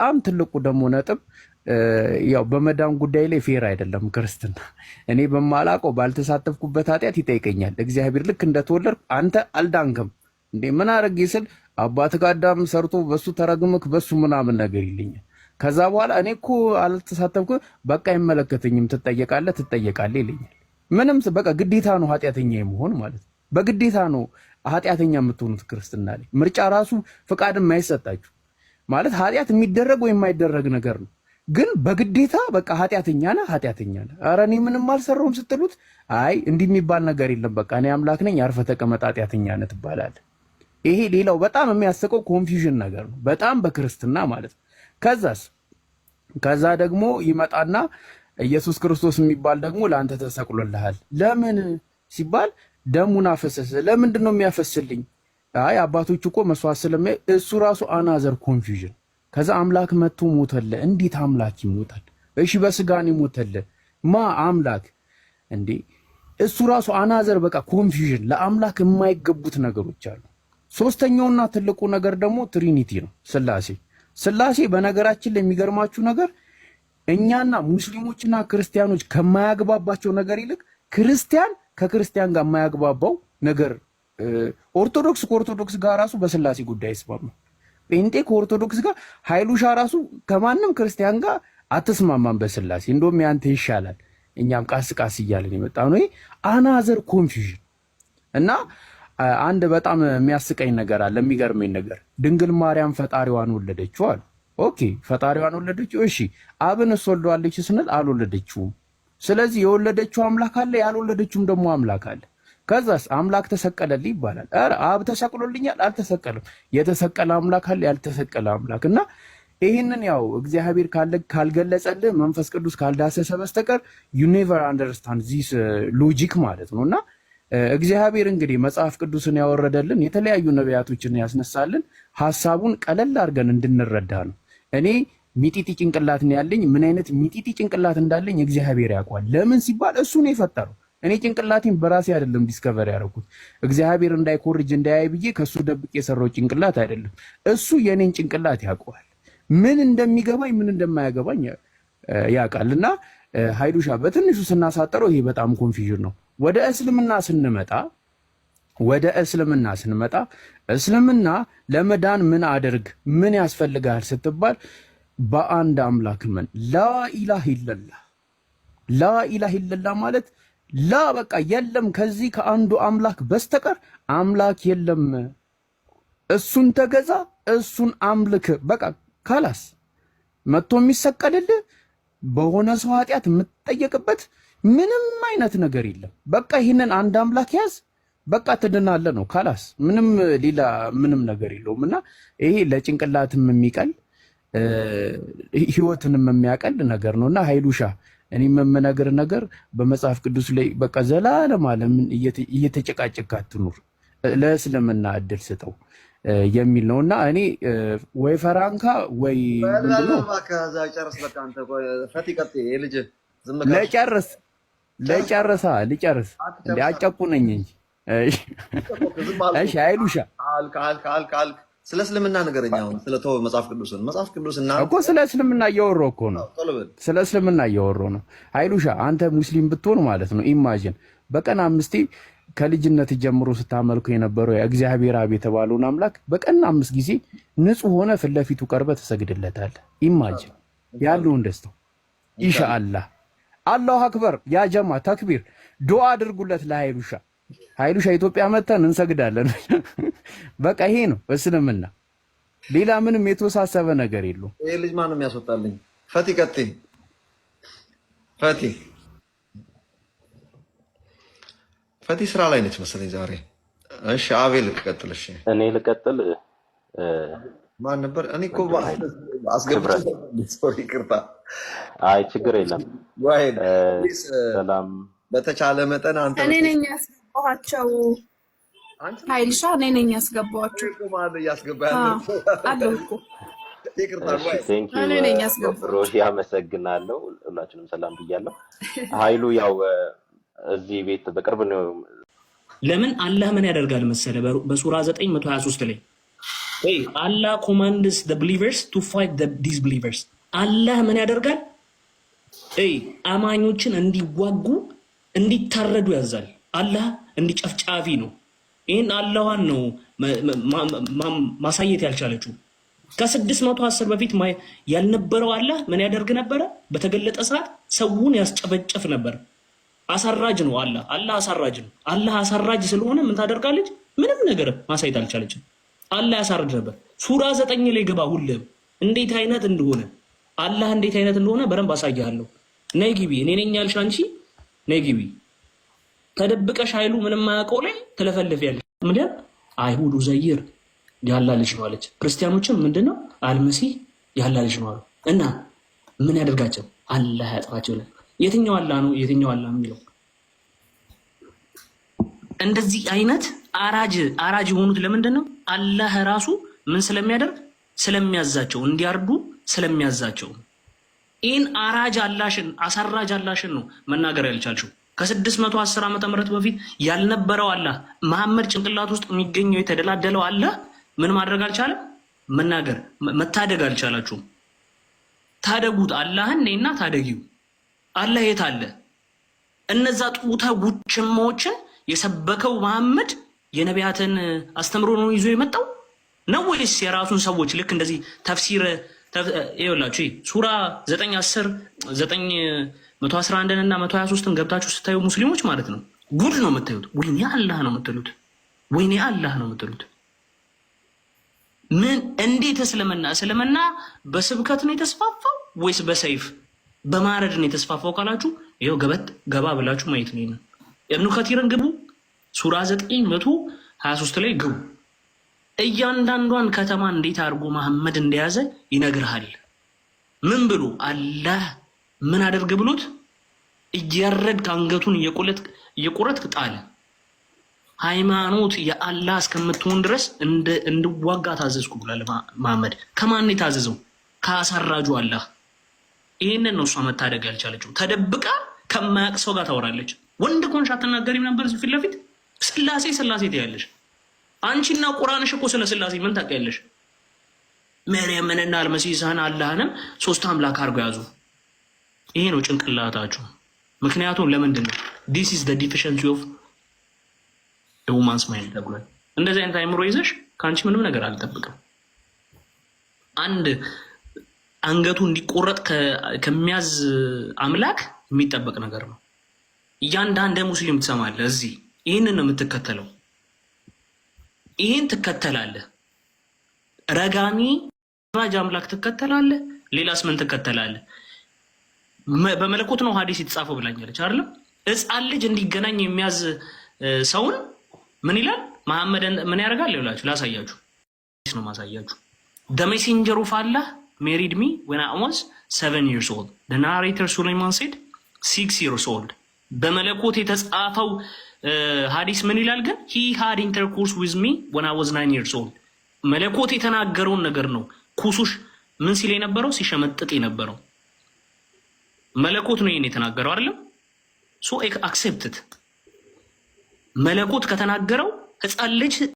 በጣም ትልቁ ደግሞ ነጥብ ያው በመዳን ጉዳይ ላይ ፌር አይደለም ክርስትና። እኔ በማላውቀው ባልተሳተፍኩበት ኃጢአት ይጠይቀኛል እግዚአብሔር። ልክ እንደተወለድኩ አንተ አልዳንክም እንዴ ምን አረግ ስል አባት ጋዳም ሰርቶ በሱ ተረግምክ በሱ ምናምን ነገር ይለኛል። ከዛ በኋላ እኔ እኮ አልተሳተፍኩ በቃ አይመለከተኝም፣ ትጠየቃለህ ትጠየቃለህ ይልኛል። ምንም በቃ ግዴታ ነው ኃጢአተኛ የመሆን ማለት ነው። በግዴታ ነው ኃጢአተኛ የምትሆኑት ክርስትና ላይ ምርጫ ራሱ ፍቃድም አይሰጣችሁ ማለት ኃጢአት የሚደረግ ወይም የማይደረግ ነገር ነው። ግን በግዴታ በቃ ኃጢአተኛ ነህ ኃጢአተኛ ነህ፣ ኧረ እኔ ምንም አልሰራሁም ስትሉት አይ እንዲህ የሚባል ነገር የለም በቃ እኔ አምላክ ነኝ፣ አርፈ ተቀመጥ፣ ኃጢአተኛ ነህ ትባላለህ። ይሄ ሌላው በጣም የሚያስቀው ኮንፊውዥን ነገር ነው በጣም በክርስትና ማለት ነው። ከዛስ ከዛ ደግሞ ይመጣና ኢየሱስ ክርስቶስ የሚባል ደግሞ ለአንተ ተሰቅሎልሃል። ለምን ሲባል ደሙን አፈሰሰ። ለምንድን ነው የሚያፈስልኝ? አይ አባቶች እኮ መስዋዕት ስለሚ እሱ ራሱ አናዘር ኮንፊውዥን። ከዛ አምላክ መጥቶ ሞተለ። እንዴት አምላክ ይሞታል? እሺ በስጋን ይሞተለ ማ አምላክ እንዴ እሱ ራሱ አናዘር በቃ ኮንፊውዥን። ለአምላክ የማይገቡት ነገሮች አሉ። ሶስተኛውና ትልቁ ነገር ደግሞ ትሪኒቲ ነው፣ ስላሴ ስላሴ። በነገራችን ላይ የሚገርማችሁ ነገር እኛና ሙስሊሞችና ክርስቲያኖች ከማያግባባቸው ነገር ይልቅ ክርስቲያን ከክርስቲያን ጋር የማያግባባው ነገር ኦርቶዶክስ ከኦርቶዶክስ ጋር ራሱ በስላሴ ጉዳይ አይስማማ። ጴንጤ ከኦርቶዶክስ ጋር ሀይሉሻ ራሱ ከማንም ክርስቲያን ጋር አትስማማም በስላሴ እንደውም ያንተ ይሻላል። እኛም ቃስ ቃስ እያለን የመጣ ነው አናዘር ኮንፊውዥን እና አንድ በጣም የሚያስቀኝ ነገር አለ። የሚገርመኝ ነገር ድንግል ማርያም ፈጣሪዋን ወለደችው አሉ። ኦኬ ፈጣሪዋን ወለደችው። እሺ አብን ስወልደዋለች ስንል አልወለደችውም። ስለዚህ የወለደችው አምላክ አለ፣ ያልወለደችውም ደግሞ አምላክ አለ። ከዛስ አምላክ ተሰቀለልኝ ይባላል። ኧረ አብ ተሰቅሎልኛል አልተሰቀለም። የተሰቀለ አምላክ አለ፣ ያልተሰቀለ አምላክ እና ይህንን ያው እግዚአብሔር ካልገለጸልህ መንፈስ ቅዱስ ካልዳሰሰ በስተቀር ዩ ኔቨር አንደርስታንድ ዚስ ሎጂክ ማለት ነው እና uh, እግዚአብሔር እንግዲህ መጽሐፍ ቅዱስን ያወረደልን የተለያዩ ነቢያቶችን ያስነሳልን ሀሳቡን ቀለል አድርገን እንድንረዳ ነው። እኔ ሚጢጢ ጭንቅላት ያለኝ። ምን አይነት ሚጢጢ ጭንቅላት እንዳለኝ እግዚአብሔር ያውቋል። ለምን ሲባል እሱ ነው የፈጠረው። እኔ ጭንቅላቴን በራሴ አይደለም ዲስከቨር ያደረኩት። እግዚአብሔር እንዳይኮርጅ እንዳያይ ብዬ ከእሱ ደብቅ የሰራው ጭንቅላት አይደለም። እሱ የእኔን ጭንቅላት ያውቀዋል። ምን እንደሚገባኝ ምን እንደማያገባኝ ያውቃል። እና ሀይዱሻ በትንሹ ስናሳጠረው ይሄ በጣም ኮንፊዥን ነው። ወደ እስልምና ስንመጣ ወደ እስልምና ስንመጣ እስልምና ለመዳን ምን አድርግ ምን ያስፈልግሃል ስትባል በአንድ አምላክ ምን ላኢላህ ይለላ ላኢላህ ይለላ ማለት ላ በቃ የለም ከዚህ ከአንዱ አምላክ በስተቀር አምላክ የለም። እሱን ተገዛ፣ እሱን አምልክ። በቃ ካላስ መጥቶ የሚሰቀልልህ በሆነ ሰው ኃጢአት የምትጠየቅበት ምንም አይነት ነገር የለም። በቃ ይህንን አንድ አምላክ ያዝ፣ በቃ ትድናለህ ነው ካላስ። ምንም ሌላ ምንም ነገር የለውም። እና ይሄ ለጭንቅላትም የሚቀል ህይወትንም የሚያቀል ነገር ነው እና ሀይሉሻ እኔ የምነግር ነገር በመጽሐፍ ቅዱስ ላይ በቃ ዘላለም ዓለምን እየተጨቃጨቅ አትኑር፣ ለእስልምና እድል ስጠው የሚል ነው እና እኔ ወይ ፈራንካ ወይ ለጨርስ ለጨርሳ ልጨርስ አጨቁነኝ እንጂ እሺ አይሉሻ ስለ እስልምና ንገረኝ። አሁን ስለተወ መጽሐፍ ቅዱስን መጽሐፍ ቅዱስና እኮ ስለ እስልምና እያወራሁ እኮ ነው። ስለ እስልምና እያወራሁ ነው። አይሉሻ አንተ ሙስሊም ብትሆን ማለት ነው። ኢማጂን በቀን አምስቴ ከልጅነት ጀምሮ ስታመልኩ የነበረው የእግዚአብሔር አብ የተባለውን አምላክ በቀን አምስት ጊዜ ንጹህ ሆነ ፊት ለፊቱ ቀርበ ተሰግድለታል። ኢማጂን ያለውን ደስተው ኢንሻአላህ። አላሁ አክበር ያጀማ ተክቢር ዱአ አድርጉለት ለሀይሉሻ ሀይሉሻ ኢትዮጵያ መተን እንሰግዳለን። በቃ ይሄ ነው እስልምና። ሌላ ምንም የተወሳሰበ ነገር የለውም። ይሄ ልጅ ማንም ያስወጣልኝ። ፈቲ ቀጥ ፈቲ ፈቲ ስራ ላይ ነች መሰለኝ ዛሬ። እሺ አቤ ልቀጥል። እሺ እኔ ልቀጥል። ማን ነበር? እኔ እኮ አስገብቼ ይቅርታ። አይ ችግር የለም። ሰላም። በተቻለ መጠን አንተ እኔ ነኝ ያስገባኋቸው ሀይልሻ እኔ ነኝ ያስገባኋቸው። እኔ ነኝ uh, አመሰግናለሁ። ሁላችንም ሰላም ብያለሁ። ሀይሉ ያው uh, እዚህ ቤት በቅርብ ነው። ለምን አላህ ምን ያደርጋል መሰለ በሱራ 923 ላይ አላህ ኮማንድስ ብሊቨርስ ቱ ፋይት ዲስ ብሊቨርስ አላህ ምን ያደርጋል አማኞችን እንዲዋጉ እንዲታረዱ ያዛል። አላህ እንዲጨፍጫፊ ነው። ይህን አላዋን ነው ማሳየት ያልቻለችው። ከስድስት መቶ አስር በፊት ያልነበረው አላህ ምን ያደርግ ነበረ? በተገለጠ ሰዓት ሰውን ያስጨፈጨፍ ነበር። አሳራጅ ነው አላህ። አላህ አሳራጅ ነው። አላህ አሳራጅ ስለሆነ ምን ታደርጋለች? ምንም ነገር ማሳየት አልቻለችም። አላህ ያሳርድ ነበር። ሱራ ዘጠኝ ላይ ገባ። ሁለም እንዴት አይነት እንደሆነ አላህ እንዴት አይነት እንደሆነ በደንብ አሳያለሁ። ነይ ግቢ። እኔ ነኝ ያልሽ አንቺ ነይ ግቢ ተደብቀሽ ኃይሉ ምንም አያውቀው ላይ ትለፈልፊያለሽ። ምንድን አይሁድ ዘይር ያላ ልጅ ነው አለች። ክርስቲያኖችም ምንድን ነው አልመሲህ ያላ ልጅ ነው አሉ። እና ምን ያደርጋቸው አላህ ያጥፋቸው። የትኛው አላህ ነው የትኛው አላህ የሚለው እንደዚህ አይነት አራጅ አራጅ የሆኑት ለምንድን ነው? አላህ ራሱ ምን ስለሚያደርግ ስለሚያዛቸው እንዲያርዱ ስለሚያዛቸው። ይህን አራጅ አላሽን አሳራጅ አላሽን ነው መናገር ያልቻልሽው። ከ610 ዓመተ ምህረት በፊት ያልነበረው አላህ መሐመድ ጭንቅላት ውስጥ የሚገኘው የተደላደለው አላህ ምን ማድረግ አልቻለም? መናገር መታደግ አልቻላችሁም። ታደጉት አላህን ነይና ታደጊው። አላህ የት አለ? እነዛ ጡታ ጉችማዎችን የሰበከው መሐመድ የነቢያትን አስተምሮ ነው ይዞ የመጣው ነው ወይስ የራሱን ሰዎች ልክ እንደዚህ ተፍሲር ይኸውላችሁ ሱራ 910 1 እና 123ን ገብታችሁ ስታዩ ሙስሊሞች ማለት ነው ጉድ ነው የምታዩት። ወይ አላህ ነው የምትሉት። ወይኔ አላህ ነው የምትሉት። ምን እንዴት እስልምና እስልምና በስብከት ነው የተስፋፋው ወይስ በሰይፍ በማረድ ነው የተስፋፋው ካላችሁ ይኸው ገበት ገባ ብላችሁ ማየት ነው። ኢብኑ ከቲርን ግቡ ሱራ መቶ 23 ላይ ግቡ። እያንዳንዷን ከተማ እንዴት አድርጎ መሐመድ እንደያዘ ይነግርሃል። ምን ብሎ አላህ ምን አደርግ ብሎት እያረድክ አንገቱን እየቆረጥክ ጣለ። ሃይማኖት የአላህ እስከምትሆን ድረስ እንድዋጋ ታዘዝኩ ብሏል መሐመድ። ከማን የታዘዘው? ከአሳራጁ አላህ። ይህንን ነው እሷ መታደግ ያልቻለችው። ተደብቃ ከማያቅ ሰው ጋር ታወራለች። ወንድ ኮንሽ አትናገሪም ነበር ፊት ለፊት ስላሴ ስላሴ ትያለሽ። አንቺና ቁርአንሽ እኮ ስለ ስላሴ ምን ታውቂያለሽ? መርየምንና አልመሲህን አላህንም ሶስት አምላክ አድርገው ያዙ። ይሄ ነው ጭንቅላታችሁ። ምክንያቱም ለምንድን ነው ዲስ ኢዝ ዘ ዲፊሸንሲ ኦፍ ሁማንስ ማይንድ ተብሏል። እንደዚህ አይነት አይምሮ ይዘሽ ከአንቺ ምንም ነገር አልጠብቅም። አንድ አንገቱ እንዲቆረጥ ከሚያዝ አምላክ የሚጠበቅ ነገር ነው። እያንዳንድ ሙስሊም ትሰማለህ። እዚህ ይህንን ነው የምትከተለው። ይህን ትከተላለህ። ረጋሚ ራጅ አምላክ ትከተላለህ። ሌላስ ምን ትከተላለህ? በመለኮት ነው ሀዲስ የተጻፈው ብላኛለች አይደለም። ሕፃን ልጅ እንዲገናኝ የሚያዝ ሰውን ምን ይላል መሐመድ? ምን ያደርጋል? ይላችሁ ላሳያችሁ ነው ማሳያችሁ። ደሜሴንጀሩ ፋላ ሜሪድ ሚ ዌን አይ ዋዝ ሰቨን ይርስ ኦልድ ደ ናሬተር ሱሌይማን ሴድ ሲክስ ይርስ ኦልድ በመለኮት የተጻፈው Uh, ሀዲስ ምን ይላል ግን ሂ ሃድ ኢንተርኮርስ ዊዝ ሚ ወን አይ ዋዝ ናይን ይርስ ኦልድ መለኮት የተናገረውን ነገር ነው። ኩሱሽ ምን ሲል የነበረው ሲሸመጥጥ የነበረው መለኮት ነው። ይህን የተናገረው አይደለም። ሶ አክሴፕትት መለኮት ከተናገረው ህፃን ልጅ